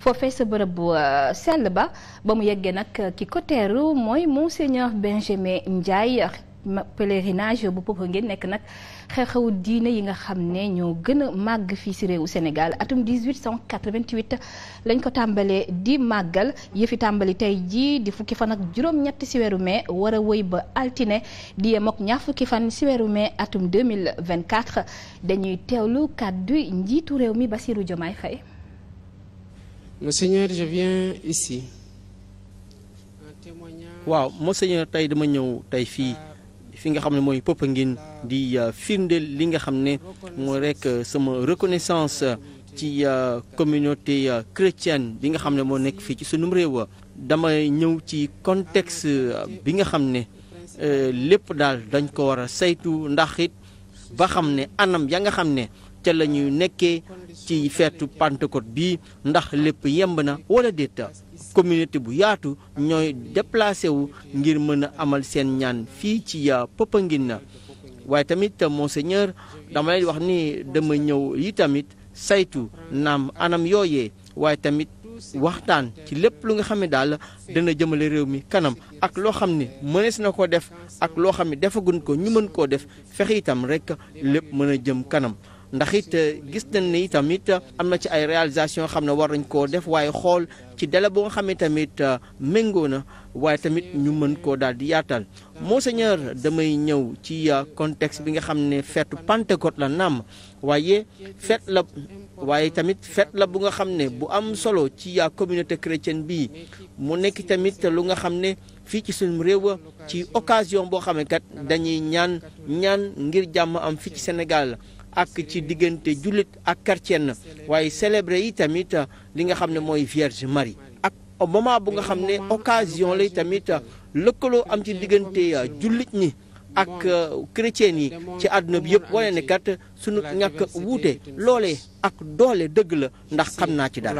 foofee sa bërëb bu euh, sell ba ba mu yeggee nag euh, ki ko teeru mooy monseigneur Benjamin Ndiaye pèlerinage bu Popenguine nekk nag xew-xewu diine yi nga xam ne ñoo gën a màgg fii ci réewu Sénégal atum 1888 lañ ko tàmbalee di màggal yëfi tàmbali tey jii di fukki fan ak juróom-ñett ci weeru mai war a wëy ba altine di yem ak ñaar fukki fan ci weeru mai atum 2024 dañuy teewlu kàddu njiitu réew mi ba Bassirou Diomaye Faye Monseigneur, je viens waaw Monseigneur tey dama ñëw tey fii fi nga xam ne mooy ngin di euh, firnde li nga xam ne moo rek euh, sama reconnaissance euh, ci communauté chrétienne bi nga xam ne moo nekk fii ci sunum réew dama ñëw ci contexte bi nga xam ne lépp daal dañ ko war a saytu ndaxit ba xam ne anam ya nga xam ne ca la ñuy nekkee ci feetu Pentecôte bi ndax lépp yemb na wala déet communauté bu yaatu ñooy déplacé wu ngir mën a amal seen ñaan fii ci Popenguine waaye tamit monseigneur dama lay wax ni dama ñëw yi tamit saytu naam anam yooyee waaye tamit waxtaan ci lépp lu nga xam ne daal dana jëmale réew mi kanam ak loo xam ne mënees na ko def ak loo xam ne defagun ko ñu mën koo def fexe itam rek lépp mën a jëm kanam ndax it eh, gis nañ ni tamit eh, am na ci ay réalisation xam ne war nañ koo def waaye xool ci délai bu nga xam tamit eh, méngoo na waaye tamit ñu mën koo daal di yaatal monseigneur damay ñëw ci contexte bi nga xam ne feetu Pentecôte la nàmm waaye feet la waaye tamit la bu nga xam ne bu am solo ci communauté chrétienne bi mu nekk tamit lu nga xam ne fii ci suñu réew ci occasion boo xam kat dañuy ñaan ñaan ngir jàmm am fii ci Sénégal ak ci diggante jullit ak chrétien waaye célébré yi tamit li nga xam ne mooy Vierge Marie ak au moment bu nga xam ne occasion lay tamit lëkkaloo am ci diggante jullit ni ak chrétien yi ci àdduna bi yëpp wane ne kat sunu ñàkk wuute loole ak doole dëgg la ndax xam naa ci daal